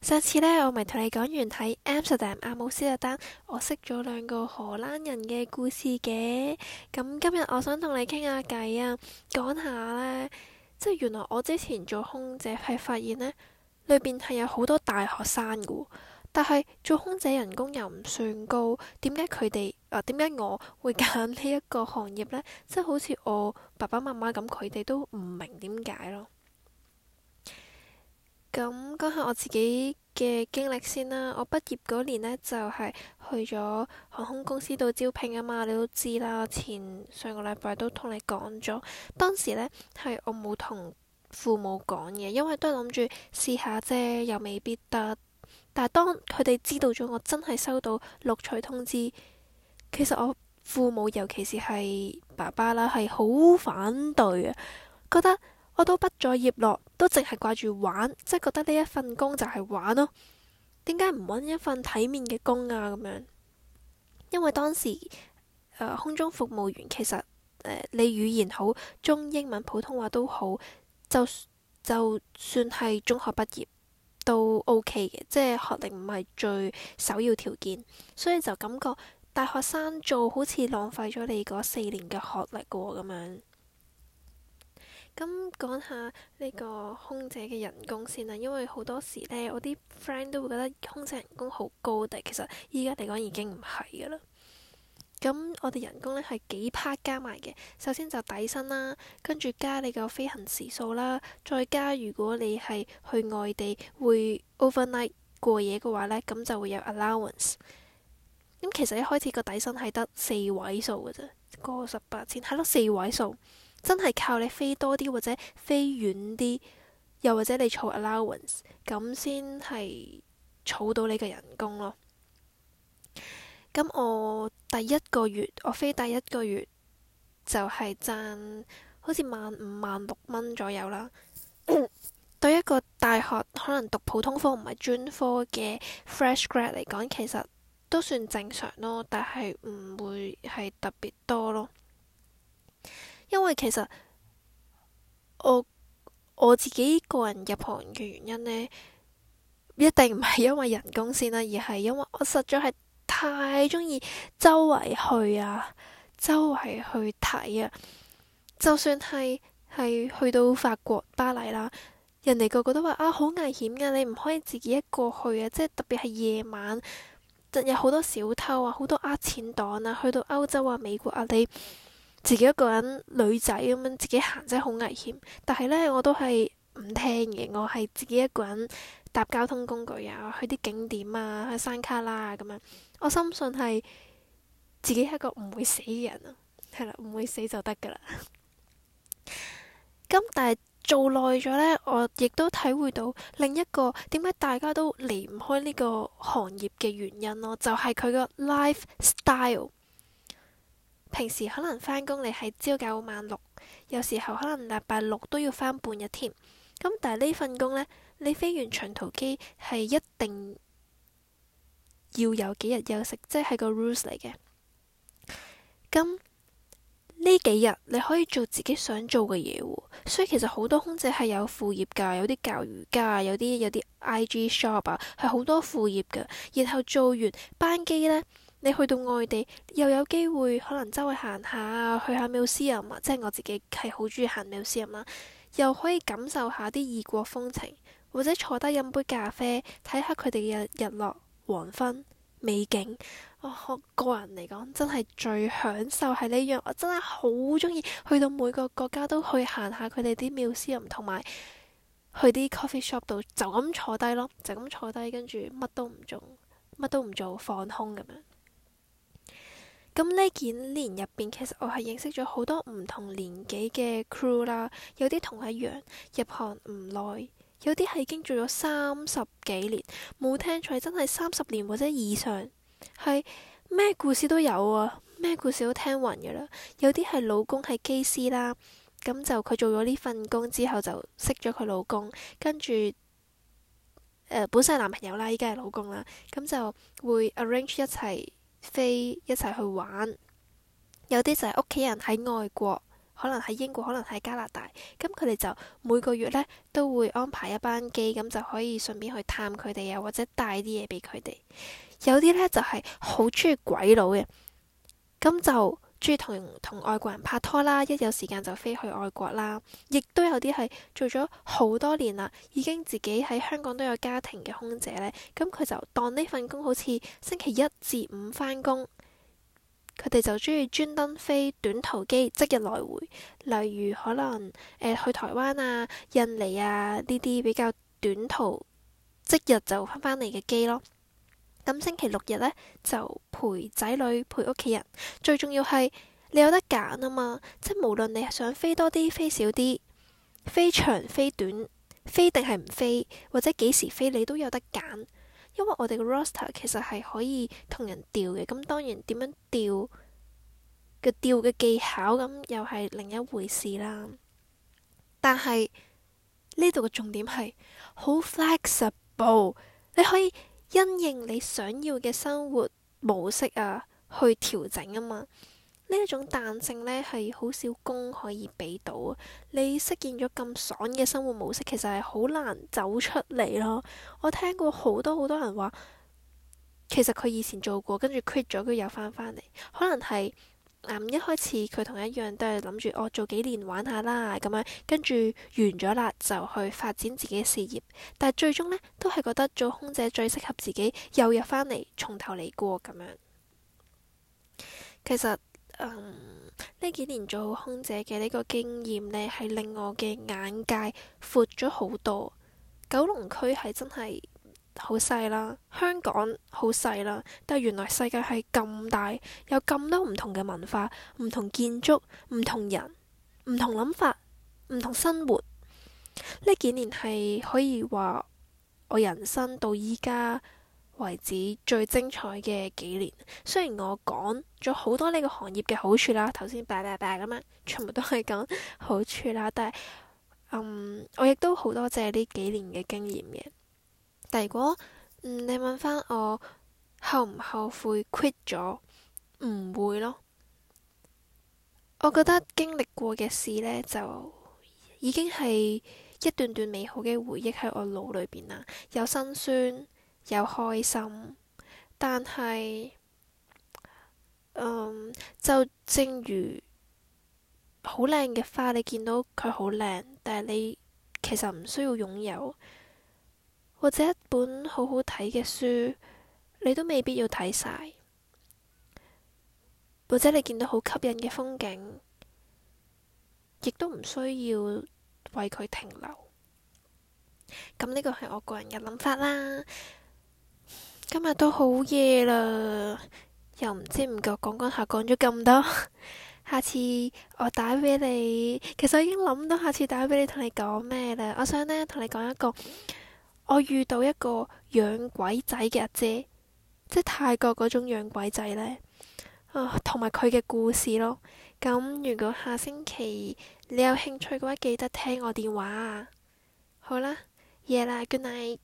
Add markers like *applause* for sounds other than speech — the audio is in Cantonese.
上次呢，我咪同你講完睇 Amsterdam 阿姆斯特丹，我識咗兩個荷蘭人嘅故事嘅。咁今日我想同你傾下偈啊，講下呢。即係原來我之前做空姐係發現呢裏邊係有好多大學生噶，但係做空姐人工又唔算高，點解佢哋啊？點解我會揀呢一個行業呢？即係好似我爸爸媽媽咁，佢哋都唔明點解咯。咁講下我自己嘅經歷先啦。我畢業嗰年呢，就係去咗航空公司度招聘啊嘛，你都知啦。前上個禮拜都同你講咗，當時呢，係我冇同父母講嘅，因為都係諗住試下啫，又未必得。但係當佢哋知道咗我真係收到錄取通知，其實我父母，尤其是係爸爸啦，係好反對啊，覺得我都畢咗業咯。都淨係掛住玩，即係覺得呢一份工就係玩咯。點解唔搵一份體面嘅工啊？咁樣，因為當時，呃，空中服務員其實，呃，你語言好，中英文普通話都好，就就算係中學畢業都 OK 嘅，即係學歷唔係最首要條件，所以就感覺大學生做好似浪費咗你嗰四年嘅學歷喎，哦，咁樣。咁講下呢個空姐嘅人工先啦，因為好多時呢，我啲 friend 都會覺得空姐人工好高，但其實依家嚟講已經唔係㗎啦。咁我哋人工呢係幾 part 加埋嘅，首先就底薪啦，跟住加你個飛行時數啦，再加如果你係去外地會 overnight 過夜嘅話呢，咁就會有 allowance。咁、嗯、其實一開始個底薪係得四位數㗎啫，個十八千係咯，四位數。真係靠你飛多啲或者飛遠啲，又或者你儲 allowance 咁先係儲到你嘅人工咯。咁我第一個月，我飛第一個月就係賺好似萬五萬六蚊左右啦。 *coughs* 對一個大學可能讀普通科唔係專科嘅 fresh grad 嚟講，其實都算正常咯，但係唔會係特別多咯。因為其實我我自己個人入行嘅原因呢，一定唔係因為人工先啦，而係因為我實在係太中意周圍去啊，周圍去睇啊。就算係係去到法國巴黎啦，人哋個個都話啊好危險㗎，你唔可以自己一個去啊！即係特別係夜晚，就有好多小偷啊，好多呃錢黨啊，去到歐洲啊、美國啊，你，自己一個人女仔咁樣自己行真係好危險，但係呢，我都係唔聽嘅，我係自己一個人搭交通工具啊，去啲景點啊，去山卡拉啊咁樣。我深信係自己係一個唔會死嘅人啊，係啦，唔會死就得㗎啦。咁 *laughs* 但係做耐咗呢，我亦都體會到另一個點解大家都離唔開呢個行業嘅原因咯，就係佢個 lifestyle。平時可能翻工你係朝九晚六，有時候可能禮拜六都要翻半日添。咁但係呢份工呢，你飛完長途機係一定要有幾日休息，即係個 rules 嚟嘅。咁呢幾日你可以做自己想做嘅嘢喎，所以其實好多空姐係有副業噶，有啲教瑜伽，有啲有啲 IG shop 啊，係好多副業噶。然後做完班機呢。你去到外地又有機會，可能周圍行下去下 museum 啊嘛。即係我自己係好中意行 museum 啊嘛，又可以感受下啲異國風情，或者坐低飲杯咖啡，睇下佢哋嘅日落、黃昏美景，哦。我個人嚟講，真係最享受係呢樣。我真係好中意去到每個國家都去行下佢哋啲 museum 啊，同埋去啲 coffee shop 度就咁坐低咯，就咁坐低，跟住乜都唔做，乜都唔做，放空咁樣。咁呢幾年入邊，其實我係認識咗好多唔同年紀嘅 crew 啦，有啲同我一樣入行唔耐，有啲係已經做咗三十幾年，冇聽錯真係三十年或者以上，係咩故事都有啊，咩故事都聽暈噶啦。有啲係老公係機師啦，咁就佢做咗呢份工之後就識咗佢老公，跟住誒本身係男朋友啦，依家係老公啦，咁就會 arrange 一齊，飛一齊去玩，有啲就係屋企人喺外國，可能喺英國，可能喺加拿大，咁佢哋就每個月呢都會安排一班機，咁就可以順便去探佢哋啊，或者帶啲嘢俾佢哋。有啲呢就係好中意鬼佬嘅，咁就。中意同同外國人拍拖啦，一有時間就飛去外國啦。亦都有啲係做咗好多年啦，已經自己喺香港都有家庭嘅空姐呢。咁佢就當呢份工好似星期一至五返工，佢哋就中意專登飛短途機，即日來回。例如可能誒、呃、去台灣啊、印尼啊呢啲比較短途，即日就返返嚟嘅機咯。咁星期六日呢，就陪仔女陪屋企人，最重要係你有得揀啊嘛！即係無論你想飛多啲、飛少啲、飛長、飛短、飛定係唔飛，或者幾時飛，你都有得揀。因為我哋嘅 roster 其實係可以同人調嘅，咁當然點樣調嘅調嘅技巧咁又係另一回事啦。但係呢度嘅重點係好 flexible，你可以。因應你想要嘅生活模式啊，去調整啊嘛。呢一種彈性呢，係好少工可以俾到。你適應咗咁爽嘅生活模式，其實係好難走出嚟咯。我聽過好多好多人話，其實佢以前做過，跟住 quit 咗，跟住又翻翻嚟，可能係。一開始佢同我一樣都係諗住我做幾年玩下啦，咁樣，跟住完咗啦就去發展自己嘅事業，但係最終呢，都係覺得做空姐最適合自己，又入翻嚟從頭嚟過咁樣。其實、嗯、呢幾年做空姐嘅呢個經驗呢，係令我嘅眼界闊咗好多。九龍區係真係～好細啦，香港好細啦，但係原來世界係咁大，有咁多唔同嘅文化，唔同建築，唔同人，唔同諗法，唔同生活。呢幾年係可以話我人生到依家為止最精彩嘅幾年。雖然我講咗好多呢個行業嘅好處啦，頭先叭叭叭咁樣，全部都係講好處啦，但係嗯，我亦都好多謝呢幾年嘅經驗嘅。但如果、嗯、你問翻我後唔後悔 quit 咗，唔會咯。我覺得經歷過嘅事呢，就已經係一段段美好嘅回憶喺我腦裏邊啦。有辛酸，有開心，但係、嗯、就正如好靚嘅花，你見到佢好靚，但係你其實唔需要擁有。或者一本好好睇嘅書，你都未必要睇晒。或者你見到好吸引嘅風景，亦都唔需要為佢停留。咁呢、嗯、個係我個人嘅諗法啦。今日都好夜啦，又唔知唔覺講講下，講咗咁多，下次我打俾你。其實我已經諗到下次打俾你同你講咩啦。我想呢，同你講一個。我遇到一個養鬼仔嘅阿姐，姐，即係泰國嗰種養鬼仔咧啊，同埋佢嘅故事咯。咁，嗯，如果下星期你有興趣嘅話，記得聽我電話啊。好啦，夜啦，good night。